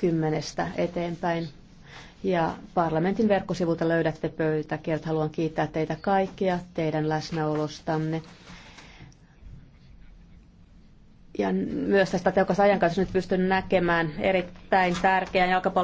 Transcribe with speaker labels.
Speaker 1: kymmenestä eteenpäin. Ja parlamentin verkkosivulta löydätte pöytäkirjat. Haluan kiittää teitä kaikkia teidän läsnäolostanne. Ja myös tästä tehokasta nyt pystyn
Speaker 2: näkemään erittäin tärkeän jalkapallon